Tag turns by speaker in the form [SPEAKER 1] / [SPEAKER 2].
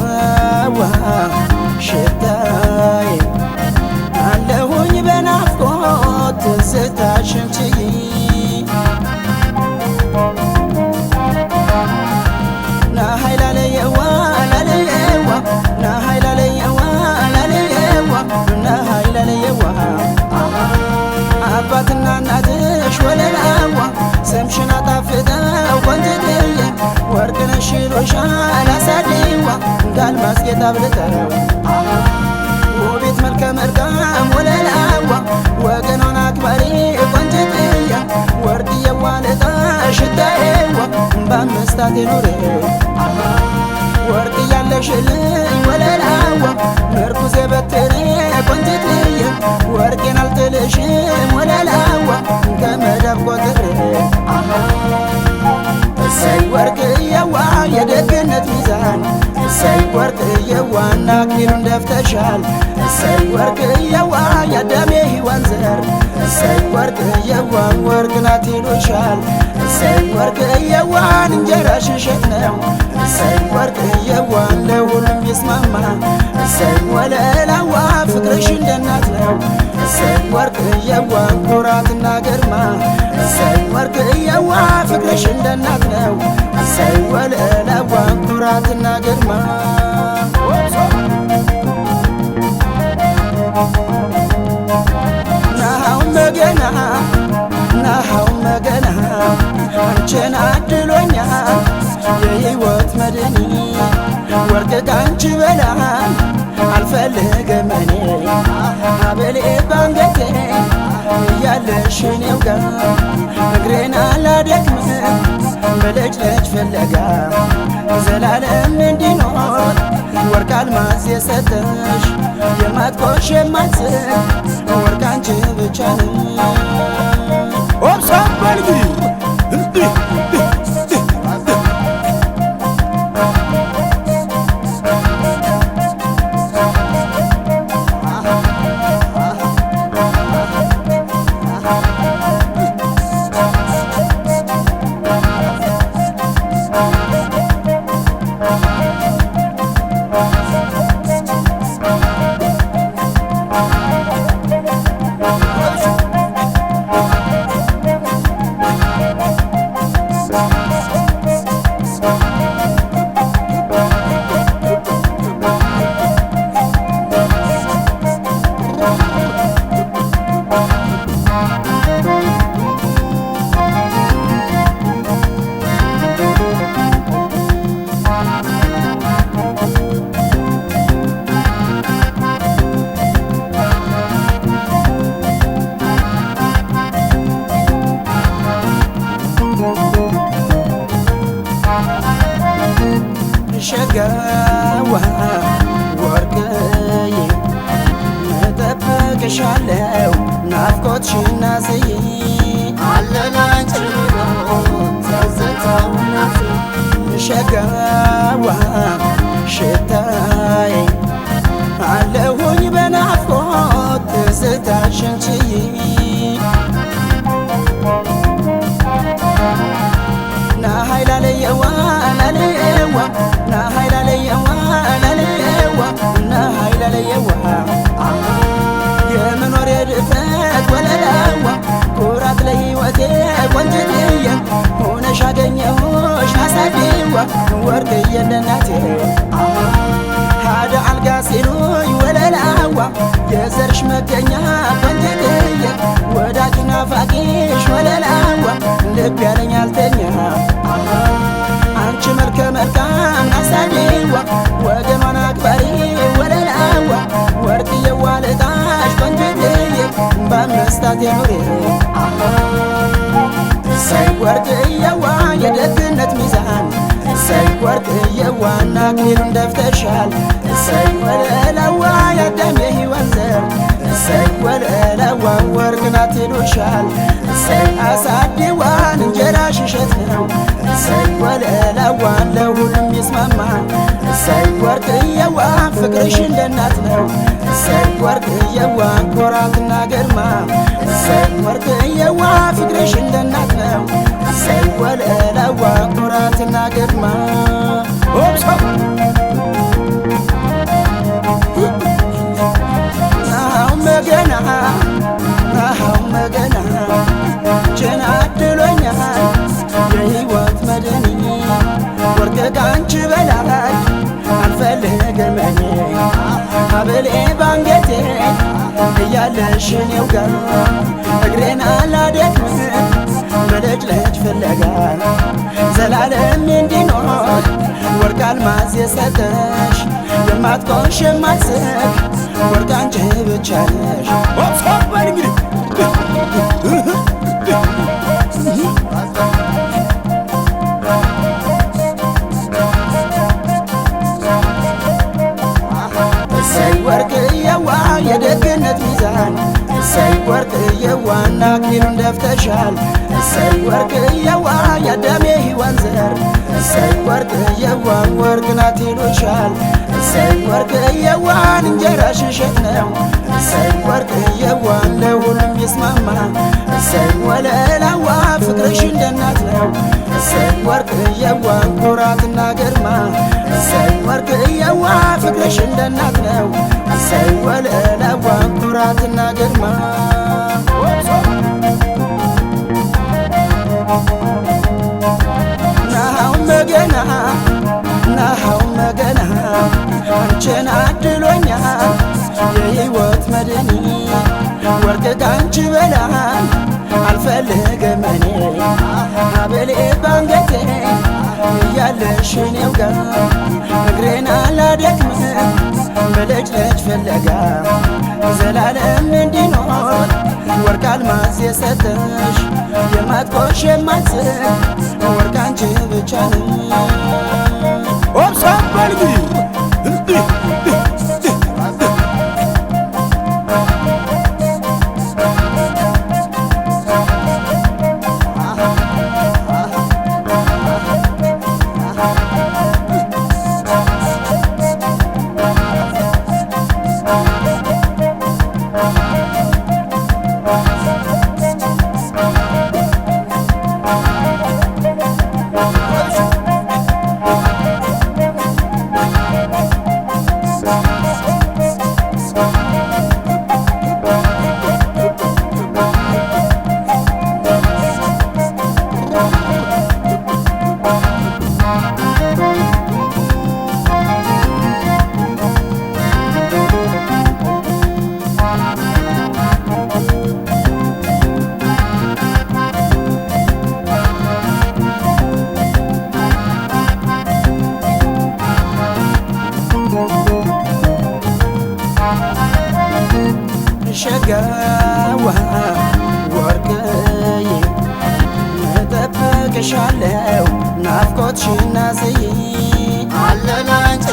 [SPEAKER 1] ገባ ሽታዬ አለሁኝ በናፍቆት ትዝታሽን ችይ ዝናብ ልዘራው ውቤት መልከ መርካም ወለላዋ ወገኗን አክባሪ ቆንጅትያ ወርድየዋ ልጣ ሽታዋ በአመስታት የኖረ እሰይ ወርቅዬዋ ናኪሩን ደፍተሻል እሰይ ወርቅዬዋ ያደሜ ሔዋን ዘር እሰይ ወርቅዬዋ ወርቅ ናት ይሉሻል እሰይ ወርቅዬዋን እንጀራሽ እሸት ነው እሰይ ወርቅዬዋ ለሁሉም ይስማማ እሰይ ወለላዋ ፍቅርሽ እንደናት ነው እሰይ ወርቅዬዋ ኩራትና ግርማ እሰይ ወርቅዬዋ ፍቅርሽ እንደናት ነው እሰይ ወለ ያዋቅ ኩራትና ግርማ ናሃው መገና ናሃው መገና አንቺን አድሎኛል የህይወት መድኒ ወርቅ ካንቺ በላ አልፈልግም እኔ ሀብሌ ባንገቴ እያለሽ እኔው ጋር እግሬን አላደክምም በልጅ ልጅ ፍለጋ ዘላለም እንዲኖር ወርቅ አልማዝ የሰጠሽ የማትቆሽ የማትስት ወርቅ አንቺ ብቻ ነሽ ኦብሳ ባልጊ አልጋ ወርቅዬ እጠብቅሻለሁ ናፍቆትሽና ስይ
[SPEAKER 2] አለላንችሎ
[SPEAKER 1] ወርቅ እናቴ ሀደ አልጋ ሲኖይ ወለላዋ የዘርሽ መገኛ ቆንጅትዬ ወዳጅ ፋቂሽ ወለላዋ ልብ ያለኝ አልተኛ አንቺ መልከ መልካም አሳኔዋ ወገኗን አክባሪ ወለላዋ ወርቅዬ ዋልታሽ ቆንጅትዬ በመስታት የኑሬ ወርቅዬ ወርቅዬ ዋና ኪሩን ደፍተሻል። እሰይ ወለለዋ የደም የሕይወት ዘር እሰይ ወለለዋ ወርቅ ናት ይሉሻል። እሰይ አሳዲዋን እንጀራሽ እሸት ነው። እሰይ ወለለዋን ለሁሉም ይስማማል። እሰይ ወርቅዬዋን ፍቅርሽ እንደ ነው። እሰይ ወርቅዬዋን ኩራትና ግርማ እሰይ ወርቅዬዋ ፍቅርሽ እንደ ሀዋ ኩራትና ግርማ መገና አው መገና የህይወት መድኒ ወርቅ ካንቺ በላይ አልፈልግም እኔ ሀብሌ ባንገቴ እያለሽ እኔው ጋር እግሬን አላደክም ልጅ ልጅ ፍለጋ ዘላለም እንዲኖር ወርቅ አልማዝ የሰጠሽ የማትቆሽ የማትሰግ ወርቅ አንቺ ብቻ ነሽ። ወርቅዬ የዋና ኪልም ደፍተሻል። እሰይ ወርቅዬ ዋ የደሜ ሕይዋን ዘር እሰይ ወርቅዬ ዋ ወርቅ ናት ይሉሻል። እሰይ ወርቅዬ እንጀራሽ እሸት ነው። እሰይ ወርቅዬ ዋ ለሁሉም ይስማማ። እሰይ ወለላዋ ፍቅርሽ እንደ እናት ነው። እሰይ ወርቅዬ ኩራትና ግርማ እሰይ ወርቅዬ ፍቅርሽ እንደ እናት ነው። እሰይ ወለላ ናትና ግርማ ናሃው መገና ናሃው መገና አንቺን አድሎኛል የህይወት መድኒ ወርቅ ካንቺ በላይ አልፈልግም እኔ አበሌ ባንገቴ እያለሽ እኔው ጋር እግሬን አላደክም በልጅ ፍለጋ ዘላለም እንዲኖር ወርቅ አልማዝ የሰጠሽ የማትቆሽ የማትስቅ ወርቅ አንቺ ብቻ ነሽ ኦብሳ ባልጊ ሸጋዋ ወርቅዬ እጠብቅሻለሁ ናፍቆትሽና ስይ አለናንጭ